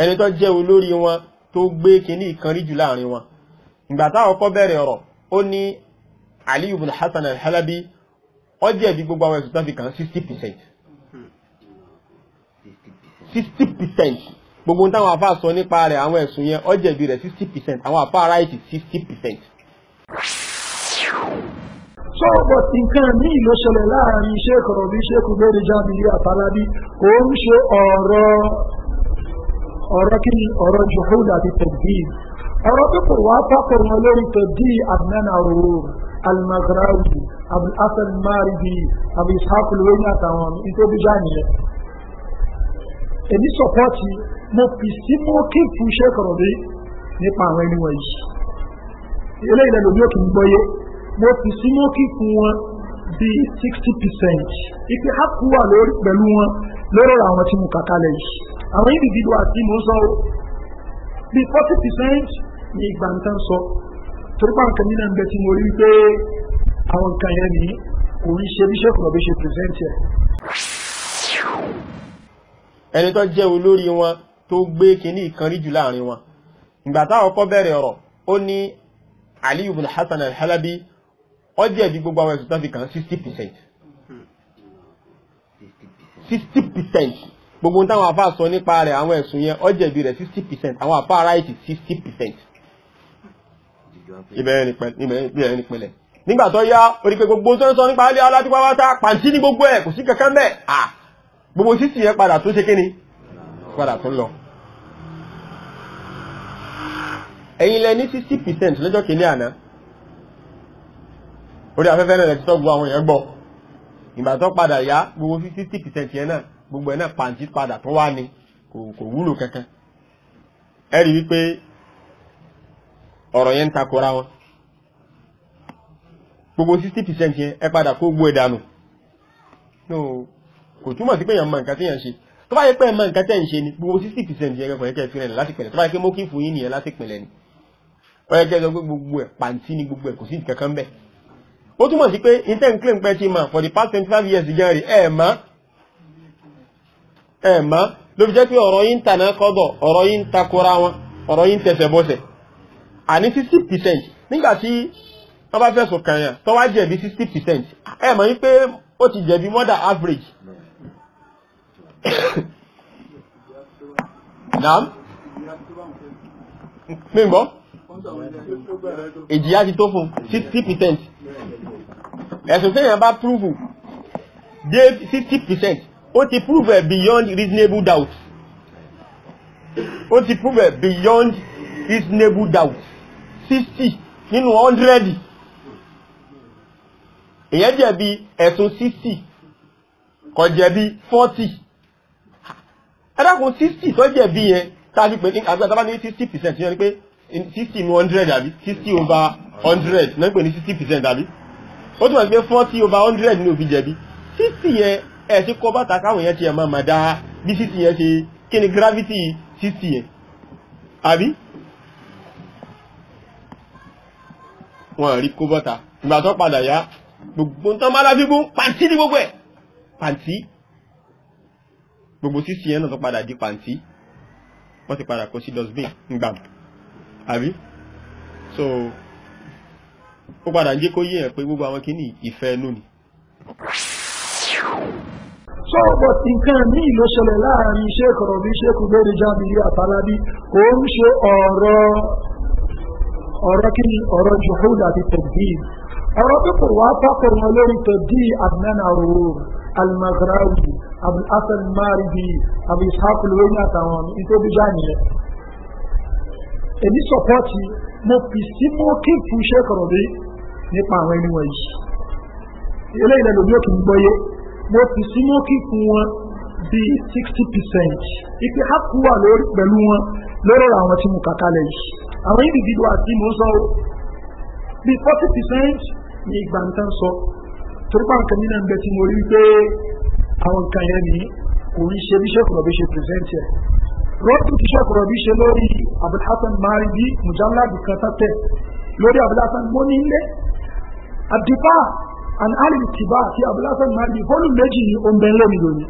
ẹni tó jẹ́ olórí wọn tó gbé kíní ìkan jù láàrin wọn ìgbà táwọn kọ́ bẹ̀rẹ̀ ọ̀rọ̀ Ali ibn Hasan al-Halabi ó gbogbo àwọn ẹ̀sùn fi kàn 60% 60% gbogbo táwọn àfáà sọ nípa rẹ̀ àwọn ẹ̀sùn yẹn ó jẹ̀bi rẹ̀ 60% àwọn àfáà ráìtì 60%. sọ́ọ̀bọ̀ tí nǹkan míì ló ṣẹlẹ̀ láàrin iṣẹ́ ìkọ̀rọ̀bí iṣẹ́ kùbẹ́rẹ́ jáde àtàlábí òun ṣe ọ̀rọ̀ ọ̀rọ̀ kí ni ọ̀rọ̀ jùhúl àti tẹ̀bí ọ̀rọ̀ tó kò wá pápọ̀rọ̀ wọn lórí tẹ̀bí àdínánà òru almagrawi abdulhasan maribi abdulhakul wẹ́yìn àtàwọn nítorí jáde yẹn èmi sọ̀pọ́tì mo fi sí mọ́ kí fún iṣẹ́ kọ̀rọ̀ bí nípa àwọn ẹni wọ̀nyí eléyìí lẹ́nu yóò kì gbọ́yé mo fi sí mọ́ kí fún wọn bíi sixty percent ìpè hàkú wà lórí pẹ̀lú wọn lórí àwọn tí mo kà kalẹ̀ yìí àwọn individual àti mo ń sọ ó bí forty percent ní ìgbà nǹkan sọ torí pa nǹkan nínú ẹgbẹ́ tí mo rí pé àwọn nǹkan yẹn ní kò ń ṣe bí ṣèkùnà ṣe present yẹn. ẹni tó jẹ́ olórí wọn tó gbé kínní ìkànnì jù láàrin wọn ìgbà táwọn kọ́ bẹ̀rẹ̀ ọ̀rọ̀ ó ní Ali ibn Hasan al-Halabi ó jẹ̀bi gbogbo àwọn ẹ̀sùn tó fi kàn sixty sixty percent gbogbo ohun táwọn àfa sọ nípa rẹ̀ àwọn ẹ̀sùn yẹn ó jẹ̀bi rẹ̀ sixty percent àwọn àfa aráìtì sixty percent ìbẹ̀rẹ̀ nípẹ̀lẹ̀ nígbà tó yá orí pé gbogbo tó ń sọ nípa alẹ́ alátúpáwátá pàǹtí ní gbogbo ẹ̀ kò sí kankan bẹ́ẹ̀ à gbogbo sísì yẹn padà tó ṣe kíni padà tó lọ ẹ̀yin lẹ ní 60% lọ́jọ́ kìíní àná orí afẹ́fẹ́ náà lẹ ti tọ́ gbogbo àwọn èèyàn gbọ́ ìgbà tó padà yá gbogbo fifty percent yẹn náà gbogbo ẹ̀ náà pàǹtí padà tó wá ni kò wúlò kankan ẹ rí wípé ọ̀rọ̀ yẹn ń takora wọn gbogbo sixty percent yẹn ẹ padà kó gbó ẹ̀dànù kò túmọ̀ sí pé èèyàn mọ nǹkan tí èèyàn ṣe tó bá yẹ pé ẹ̀mọ nǹkan tẹ̀ ń ṣe ni gbogbo sixty percent yẹn kẹkọ̀ọ́ yẹ kẹ́ ẹ fi rẹ̀ láti pẹ̀lẹ̀ tó bá yẹ pé mókì fún yín nìyẹn láti pẹ̀lẹ̀ ni ó yẹ kẹ́ ẹ sọ pé gbogbo ẹ̀ pàǹtí ni gbogbo ẹ̀ kò sí nǹkan bẹ́ẹ̀ ó túmọ̀ sí pé intent claim pẹ́ ti mọ̀ for the past 25 years gan rí ẹ̀ẹ̀mọ́ ẹ̀ẹ̀mọ́ ló fi jẹ́ pé ọ̀rọ̀ yìí ń tànà kọ́dọ̀ ọ̀rọ̀ yìí ń takora wọn ọ̀rọ̀ yìí ń tẹsẹ̀ bọ́sẹ̀ àní 60% nígbàtí wọ́n bá fẹ́sùn kàn yàn tó wá jẹ̀bi 60% ẹ̀ẹ̀mọ́ yí pé ó ti jẹ̀bi more average naam mímbọ́ ìjìyà ti tó fún 60% ẹ̀sùn tẹ́yàn bá prove dé 60% ó ti prove ẹ̀ beyond reasonable doubt ó ti prove ẹ̀ beyond reasonable doubt 60 nínú 100 èyẹ́ jẹ̀bi ẹ̀sùn 60 kò jẹ̀bi 40 ẹ̀dàkùn 60 tó jẹ̀bi yẹn tàbí pé àgbàtàbá ní 60% percent. yẹn ni pé 60 ní 100 àbí 60 over 100 náà pè ní 60% àbí ó túnmọ̀ sí pé forty over hundred ní òfin jẹ̀bi sixty yẹn ẹ̀ ṣe kọ́ bàtà káwọn yẹn ti ẹ̀ máa mà dáa bí sixty yẹn ṣe kí ni gravity sixty yẹn àbí wọn rí kó bọ́ta ìgbà tó padà yá gbogbo tán bá lábígbó pàǹtí ní gbogbo ẹ̀ pàǹtí gbogbo sísì ẹ̀ náà tó padà di pàǹtí wọ́n ti padà kó sí dustbin ngbàm àbí so ó padà jẹ́ kó yé ẹ̀ pé gbogbo àwọn kìíní ìfẹ́ ẹnu ni. sọ́ọ̀bọ̀ tí nǹkan míì ló ṣẹlẹ̀ láàrin iṣẹ́ ìkọ̀rọ̀ bí iṣẹ́ kù lórí jábìrì àtàlábí kò ń ṣe ọ̀rọ̀ ọ̀rọ̀ kí ni ọ̀rọ̀ juhud àti tẹ̀bí ọ̀rọ̀ tó kò wá pápọ̀ wọn lórí tẹ̀bí àdínánà òru almagrawi abdulhasan maribi abdulhaq lóyún àtàwọn nítorí jáde èmi sọpọ́tì mo fi sí mọ́ fún iṣẹ́ bíi nípa àwọn ẹni wọ̀nyí eléyìí lẹ́nu bí ó kì í gbọ́yé mo fi súnmọ́ kíkún wọn bíi sixty percent ipe hapu wà lórí pẹ̀lú wọn lórí ọ̀rọ̀ àwọn tí mo kà kalẹ̀ yìí àwọn individual àti mo sọ bíi forty percent ni ìgbà nǹkan sọ torí pa nǹkan nínú ẹgbẹ́ tí mo rí pé àwọn nǹkan yẹn ni kò ń ṣe bí sẹ́kùrọ̀ bí ṣe present yẹn rọ́pù tí sẹ́kùrọ̀ bí ṣe lórí abdulhassan maridi mujalladi kan tàtẹ̀ lórí abdulhassan mọ́nílé àdìbà and alìlì tìbà àti abúlásán mari bọ́ọ̀lù méjì ni ó ń bẹ lórí lónìí.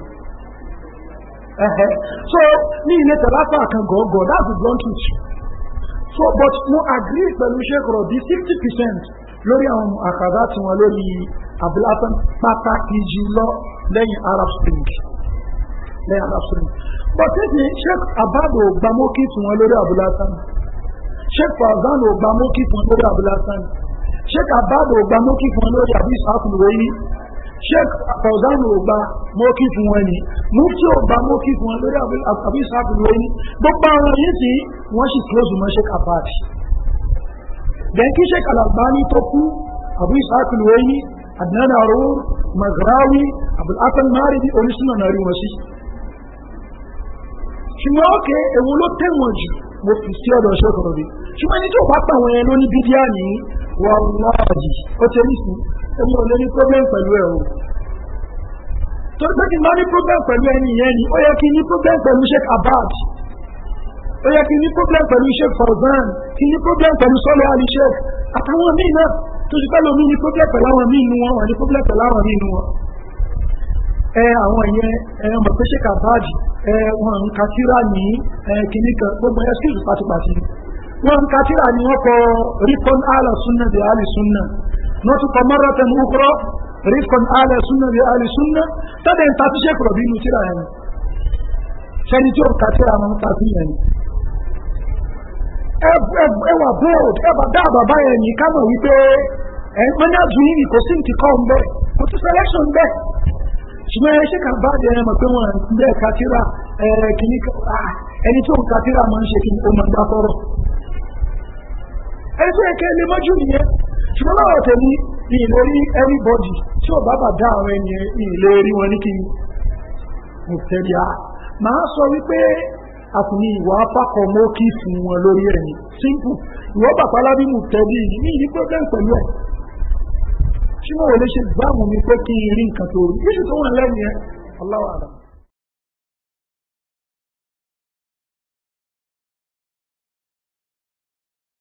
so ní ilé tẹ̀láfà kan gọ̀ọ́gọ̀ that's the blunt truth. so but mo agree pẹ̀lú sheikh rọ̀bì sixty percent lórí àwọn àkàdá tí wọ́n lórí abúlásán pàtàkì jùlọ lẹ́yìn arab spring lẹ́yìn arab spring but ṣéṣe sheikh abad ò gbàmókì tí wọ́n lórí abúlásán sheikh fazan ò gbàmókì tí wọ́n lórí abúlásán. sheikh ababa ògbà mókì fún wọn lórí àbí ìsáàkùn rẹ̀ yìí sheikh fauzan ògbà mókì fún wọn ni mufti ògbà mókì fún wọn lórí àbí ìsáàkùn rẹ̀ yìí gbogbo àwọn yìí sì close mọ́ sheikh ababa then kí sheikh alabani tó kú àbí ìsáàkùn rẹ̀ magrawi abul wọn sí ṣùgbọ́n ló jù mo fi sí ọ̀dọ̀ ṣùgbọ́n ẹni bá wọn láàjì ó ṣe ní sùn èmi ò lè ní problem pẹ̀lú ẹ̀ o torí pé kí n bá ní problem pẹ̀lú ẹni yẹn ni ó yẹ kí n ní problem pẹ̀lú sheikh abad ó yẹ kí n ní problem pẹ̀lú sheikh farzan kí n ní problem pẹ̀lú sọ́lẹ̀ ali sheikh àtàwọn míì náà tó ṣe pẹ́lú omi ní problem pẹ̀lú àwọn míì nu wọn wà ní problem pẹ̀lú àwọn míì nu wọn. ẹ àwọn ẹyẹ ẹ mọ̀ pé sheikh abad ẹ wọn kàtíra ní ẹ kìnnìkan gbogbo ẹ skills pátípátí wọ́n ń katira ni wọ́n kọ rikon ala sunna bi ali sunna wọ́n tún kọ mọ́rọ̀tẹ̀ ní ukúrọ́ rikon ala sunna bi ali sunna tọ́dẹ̀ ń tàbí ṣèkùrọ̀ bí inú tíra yẹn sẹ́ni tí ó ń katira tàbí yẹn ẹwà bold ẹwà dá bàbá yẹn ní ká mọ̀ wípé ẹ̀ mọ́nyá dùn kò sí nìkọ́ ń bẹ́ kò sí selection bẹ́ẹ̀ ṣùgbọ́n ẹ ṣe kà bá jẹ ẹ pé wọn bẹ́ẹ̀ katira ẹ̀ kìíní ah, ẹni tó ń katira máa ń ṣe kí ó máa gbá fọ́rọ̀. Efe ẹ̀kẹ́ lè mọ́jú nìyẹn ṣùgbọ́n láwọn tẹ̀lé ní ilé rí everybody tí ò bá bà dá àwọn wọn ní kí mo a máa sọ wípé àtúnì ìwà apákọ̀ mọ́ kí fún wọn lórí ẹ̀yìn simple ìwọ́ bàbá lábí mo tẹ̀lé yìí ní ìdí problem pẹ̀lú ẹ̀ ṣùgbọ́n ṣe gbáàmù mi pé kí n rí nǹkan tó rí